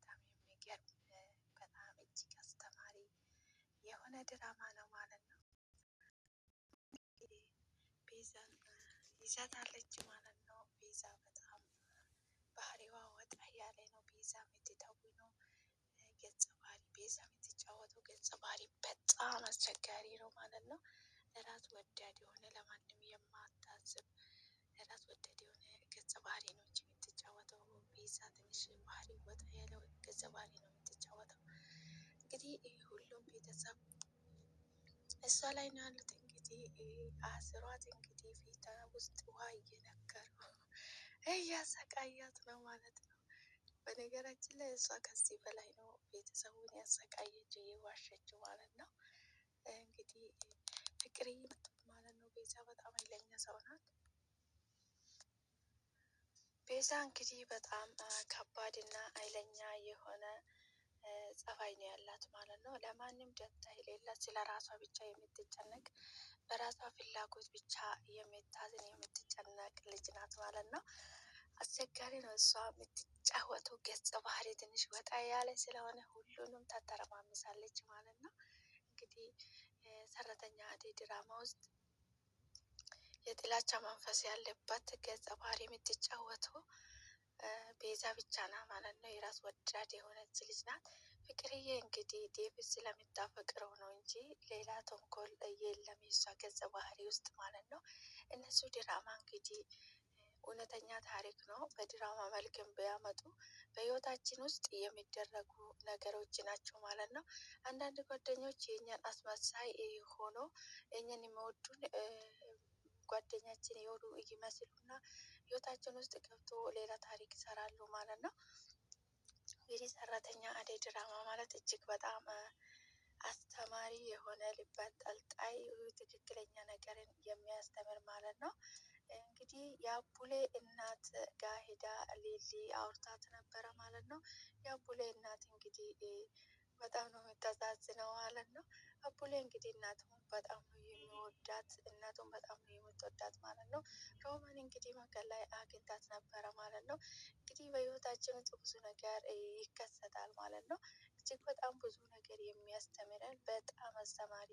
በጣም የሚገርም በጣም እጅግ አስተማሪ የሆነ ድራማ ነው ማለት ነው። ቤዛን ይዛታለች ማለት ነው። ቤዛ በጣም ባህሪዋ ወጣ ያለ ነው። ቤዛ የምትተው ነው ገጸ ባህሪ ቤዛ የምትጫወተው ገጸ ባህሪ በጣም አስቸጋሪ ነው ማለት ነው። ራስ ወዳድ የሆነ ለማንም የማታስብ ራስ ወደድ የሆነ ገጸ ባህሪ ነው እንጂ የምትጫወተው ቤዛ ትንሽ ባህሪ ወጣ ያለው ገጸ ባህሪ ነው የምትጫወተው። እንግዲህ ሁሉም ቤተሰብ እሷ ላይ ነው ያሉት። እንግዲህ አስሯት እንግዲህ ፊታ ውስጥ ውሃ እየነከሩ እያሰቃያት ነው ማለት ነው። በነገራችን ላይ እሷ ከዚህ በላይ ነው ቤተሰቡን ያሰቃየችው የዋሸችው ማለት ነው። እንግዲህ ፍቅር ማለት ነው ቤዛ በጣም ኃይለኛ ሰው ናት። ቤዛ እንግዲህ በጣም ከባድ እና ኃይለኛ የሆነ ጸባይ ነው ያላት ማለት ነው። ለማንም ደንታ የሌላት ስለ ራሷ ብቻ የምትጨነቅ በራሷ ፍላጎት ብቻ የምታዝን የምትጨነቅ ልጅ ናት ማለት ነው። አስቸጋሪ ነው እሷ የምትጫወተው ገጸ ባህሪ ትንሽ ወጣ ያለ ስለሆነ ሁሉንም ታተረማምሳለች ማለት ነው። እንግዲህ ሰራተኛ አደይ ድራማ ውስጥ የጥላቻ መንፈስ ያለባት ገጸ ባህሪ የምትጫወተው ቤዛ ብቻ ና ማለት ነው። የራስ ወዳድ የሆነች ልጅ ናት። ፍቅርዬ እንግዲህ ዴቭ ስለምታፈቅረው ነው እንጂ ሌላ ተንኮል የለም የሷ ገጸ ባህሪ ውስጥ ማለት ነው። እነሱ ድራማ እንግዲህ እውነተኛ ታሪክ ነው። በድራማ መልክም ቢያመጡ በህይወታችን ውስጥ የሚደረጉ ነገሮች ናቸው ማለት ነው። አንዳንድ ጓደኞች የእኛን አስመሳይ ሆኖ እኛን የሚወዱን ጓደኛችን የሆኑ ይመስሉና ህይወታችን ውስጥ ገብቶ ሌላ ታሪክ ይሰራሉ ማለት ነው። እንግዲህ ሰራተኛ አደይ ድራማ ማለት እጅግ በጣም አስተማሪ የሆነ ልብ አንጠልጣይ ትክክለኛ ነገርን የሚያስተምር ማለት ነው። እንግዲህ የአቡሌ እናት ጋር ሄዳ ሊሊ አውርታት ነበረ ማለት ነው። የአቡሌ እናት እንግዲህ በጣም ነው የምታሳዝነው ማለት ነው። አቡሌ እንግዲህ እናት በጣም ነው የሚወዳት እናቱን በጣም ነው የምትወዳት ማለት ነው። ሮማን እንግዲህ መንገድ ላይ አግኝታት ነበረ ማለት ነው። እንግዲህ በህይወታችን ውስጥ ብዙ ነገር ይከሰታል ማለት ነው። እጅግ በጣም ብዙ ነገር የሚያስተምረን በጣም አስተማሪ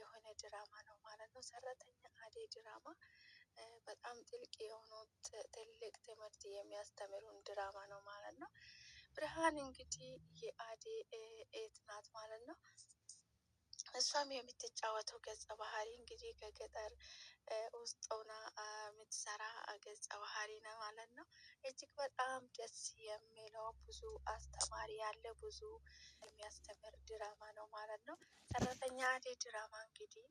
የሆነ ድራማ ነው ማለት ነው። ሰራተኛ አደይ ድራማ በጣም ጥልቅ የሆኑ ትልቅ ትምህርት የሚያስተምሩን ድራማ ነው ማለት ነው። ብርሃን እንግዲህ የአደይ እህት ናት ማለት ነው። እሷም የምትጫወተው ገጸ ባህሪ እንግዲህ ከገጠር ውስጥ ሆና የምትሰራ ገጸ ባህሪ ነው ማለት ነው። እጅግ በጣም ደስ የሚለው ብዙ አስተማሪ ያለ ብዙ የሚያስተምር ድራማ ነው ማለት ነው። ሰራተኛ አደይ ድራማ እንግዲህ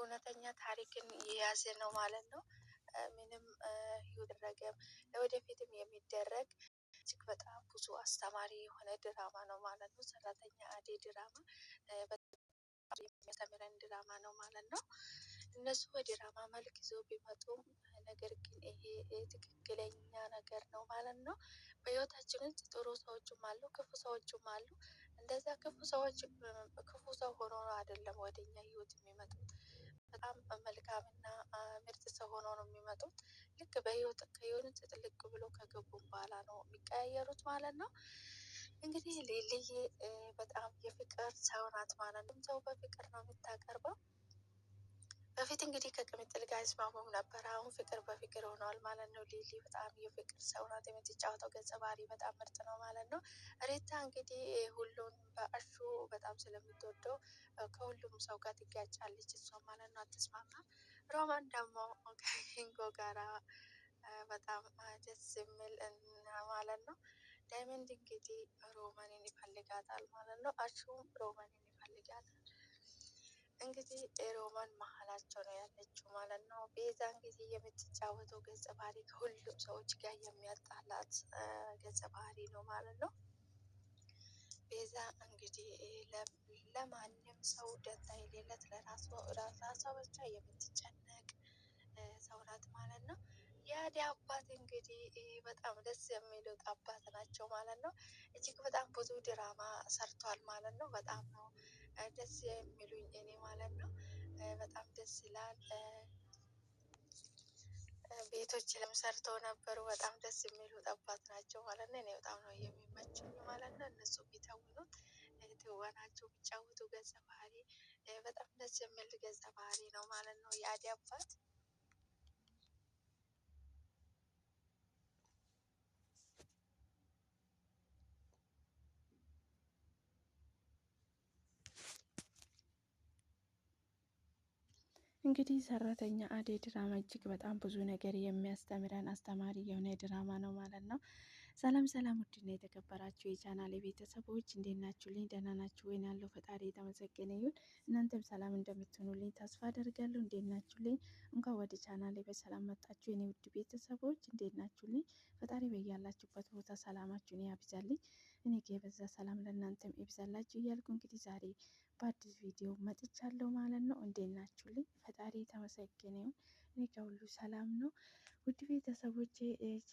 እውነተኛ ታሪክን የያዘ ነው ማለት ነው። ምንም ይደረገም ለወደፊትም የሚደረግ እጅግ በጣም ብዙ አስተማሪ የሆነ ድራማ ነው ማለት ነው። ሰራተኛ አደይ ድራማ የሚያስተምረን ድራማ ነው ማለት ነው። እነሱ በድራማ መልክ ይዘው ቢመጡም ነገር ግን ይሄ ትክክለኛ ነገር ነው ማለት ነው። በህይወታችን ውስጥ ጥሩ ሰዎችም አሉ፣ ክፉ ሰዎችም አሉ። እንደዛ ክፉ ሰዎች ክፉ ሰው ሆኖ ነው አይደለም ወደ እኛ ህይወት የሚመጡት በጣም መልካምና ምርጥ ሰው ሆኖ ነው የሚመጡት። ልክ በህይወት ከህይወት ጥልቅ ብሎ ከገቡ በኋላ ነው የሚቀያየሩት ማለት ነው። እንግዲህ ሊሊዬ በጣም የፍቅር ሰው ናት ማለት ነው። ሰው በፍቅር ነው የምታቀርበው። በፊት እንግዲህ ከቅምጥል ጋር አይስማሙም ነበር። አሁን ፍቅር በፍቅር ሆኗል ማለት ነው። ሊሊ በጣም የፍቅር ሰው ናት። የምትጫወተው ገጸ ባህሪ በጣም ምርጥ ነው ማለት ነው። ሬታ እንግዲህ ሁሉን በእሹ በጣም ስለምትወደው ከሁሉም ሰው ጋር ትጋጫለች እሷ ማለት ነው። አትስማማ። ሮማን ደግሞ ከሂንጎ ጋራ በጣም ደስ የሚል ማለት ነው ዳይመንድ እንግዲህ ሮማንን ይፈልጋታል ማለት ነው። አሹም ሮማንን ይፈልጋታል። እንግዲህ ሮማን መሀላቸው ነው ያለችው ማለት ነው። ቤዛን ጊዜ የምትጫወተው ገጸ ባህሪ ከሁሉም ሰዎች ጋር የሚያጣላት ገጸ ባህሪ ነው ማለት ነው። ቤዛ እንግዲህ ለማንም ሰው ደንታ የሌለት ለራሷ ብቻ የምትጨነቅ ሰው ናት ማለት ነው። ያዲ አባት እንግዲህ በጣም ደስ የሚሉት አባት ናቸው ማለት ነው። እጅግ በጣም ብዙ ድራማ ሰርቷል ማለት ነው። በጣም ነው ደስ የሚሉኝ እኔ ማለት ነው። በጣም ደስ ይላል። ቤቶችንም ሰርተው ነበሩ። በጣም ደስ የሚሉት አባት ናቸው ማለት ነው። እኔ በጣም ነው የሚመችኝ ማለት ነው። እነሱ ቢተውኑት ትወናቸው ቢጫወቱ ገጸ ባህሪ በጣም ደስ የሚል ገጸ ባህሪ ነው ማለት ነው። ያዲ አባት እንግዲህ ሰራተኛ አደይ ድራማ እጅግ በጣም ብዙ ነገር የሚያስተምረን አስተማሪ የሆነ ድራማ ነው ማለት ነው። ሰላም ሰላም፣ ውድና የተከበራችሁ የቻናል ቤተሰቦች እንዴት ናችሁ? ልኝ ደህና ናችሁ ወይን? ያለው ፈጣሪ የተመሰገነ ይሁን። እናንተም ሰላም እንደምትሆኑልኝ ተስፋ አደርጋለሁ። እንዴት ናችሁ? ልኝ እንኳን ወደ ቻናሌ በሰላም መጣችሁ የኔ ውድ ቤተሰቦች፣ እንዴት ናችሁ? ልኝ ፈጣሪ በያላችሁበት ቦታ ሰላማችሁን ያብዛልኝ። እኔ የበዛ ሰላም ለእናንተም ይብዛላችሁ እያልኩ እንግዲህ ዛሬ በአዲስ ቪዲዮ መጥቻለሁ ማለት ነው። እንዴት ናችሁልኝ? ፈጣሪ የተመሰገነ እኔ ከሁሉ ሰላም ነው። ውድ ቤተሰቦቼ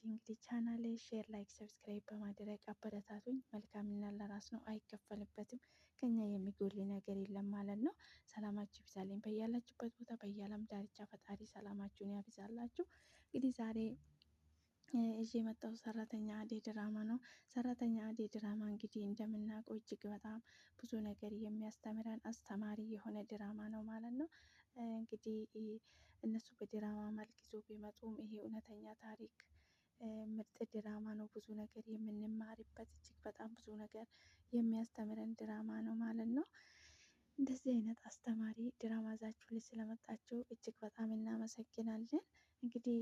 እንግዲህ ቻናሌ ሼር፣ ላይክ፣ ሰብስክራይብ በማድረግ አበረታቱኝ። መልካምና ለራስ ነው አይከፈልበትም። ከኛ የሚጎል ነገር የለም ማለት ነው። ሰላማችሁ ይብዛልኝ በያላችሁበት ቦታ በያለም ዳርቻ ፈጣሪ ሰላማችሁን ያብዛላችሁ። እንግዲህ ዛሬ እዚህ የመጣው ሰራተኛ አደይ ድራማ ነው። ሰራተኛ አደይ ድራማ እንግዲህ እንደምናውቀው እጅግ በጣም ብዙ ነገር የሚያስተምረን አስተማሪ የሆነ ድራማ ነው ማለት ነው። እንግዲህ እነሱ በድራማ መልክ ይዞ ቢመጡም ይሄ እውነተኛ ታሪክ ምርጥ ድራማ ነው። ብዙ ነገር የምንማርበት እጅግ በጣም ብዙ ነገር የሚያስተምረን ድራማ ነው ማለት ነው። እንደዚህ አይነት አስተማሪ ድራማ ይዛችሁልን ስለመጣችሁ እጅግ በጣም እናመሰግናለን። እንግዲህ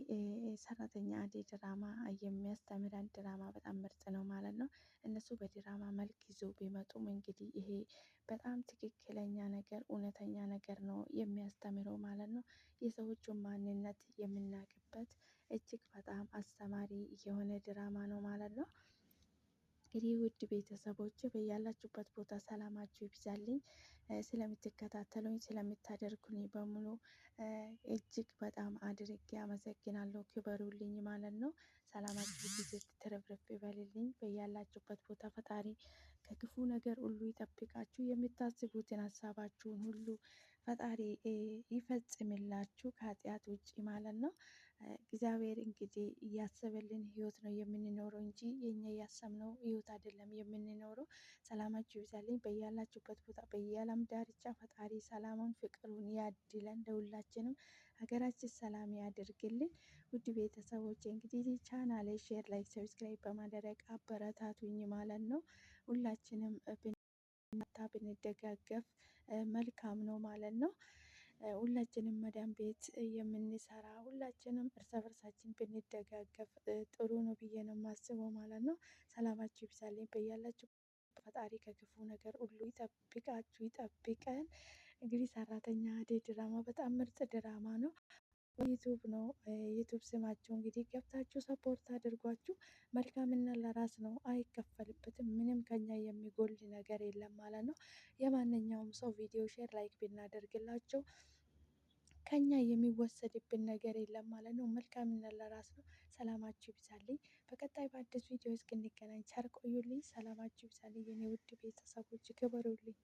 ሰራተኛ አደይ ድራማ የሚያስተምረን ድራማ በጣም ምርጥ ነው ማለት ነው። እነሱ በድራማ መልክ ይዞ ቢመጡም እንግዲህ ይሄ በጣም ትክክለኛ ነገር እውነተኛ ነገር ነው የሚያስተምረው ማለት ነው። የሰዎቹን ማንነት የምናውቅበት እጅግ በጣም አስተማሪ የሆነ ድራማ ነው ማለት ነው። እንግዲህ ውድ ቤተሰቦች በያላችሁበት ቦታ ሰላማችሁ ይብዛልኝ። ስለምትከታተሉኝ ስለምታደርጉኝ በሙሉ እጅግ በጣም አድርጌ አመሰግናለሁ። ክበሩልኝ ማለት ነው። ሰላማችሁ ጊዜ ትረፍረፍ ይበልልኝ። በያላችሁበት ቦታ ፈጣሪ ከክፉ ነገር ሁሉ ይጠብቃችሁ። የምታስቡትን ሀሳባችሁን ሁሉ ፈጣሪ ይፈጽምላችሁ ከኃጢአት ውጭ ማለት ነው። እግዚአብሔር እንግዲህ እያሰበልን ህይወት ነው የምንኖረው እንጂ የኛ እያሰብነው ህይወት አይደለም የምንኖረው። ሰላማችሁ ይብዛልኝ በያላችሁበት ቦታ በየዓለም ዳርቻ ፈጣሪ ሰላሙን ፍቅሩን ያድለን ለሁላችንም። ሀገራችን ሰላም ያድርግልን። ውድ ቤተሰቦች እንግዲህ ቻናሌ ሼር፣ ላይክ፣ ሰብስክራይብ በማድረግ አበረታቱኝ ማለት ነው። ሁላችንም ብንመታ ብንደጋገፍ መልካም ነው ማለት ነው። ሁላችንም መዳን ቤት የምንሰራ ሁላችንም እርስ በርሳችን ብንደጋገፍ ጥሩ ነው ብዬ ነው የማስበው ማለት ነው። ሰላማችሁ ይብዛልኝ በያላችሁ። ፈጣሪ ከክፉ ነገር ሁሉ ይጠብቃችሁ ይጠብቀን። እንግዲህ ሰራተኛ አደይ ድራማ በጣም ምርጥ ድራማ ነው። ዩቱብ ነው። ዩቱብ ስማቸው እንግዲህ ገብታችሁ ሰፖርት አድርጓችሁ መልካምና ለራስ ነው፣ አይከፈልበትም። ምንም ከኛ የሚጎል ነገር የለም ማለት ነው። የማንኛውም ሰው ቪዲዮ ሼር፣ ላይክ ብናደርግላቸው ከኛ የሚወሰድብን ነገር የለም ማለት ነው። መልካምና ለራስ ነው። ሰላማችሁ ይብዛልኝ። በቀጣይ በአዲስ ቪዲዮ እስክንገናኝ ቸር ቆዩልኝ። ሰላማችሁ ይብዛልኝ የኔ ውድ ቤተሰቦች፣ ክበሩልኝ።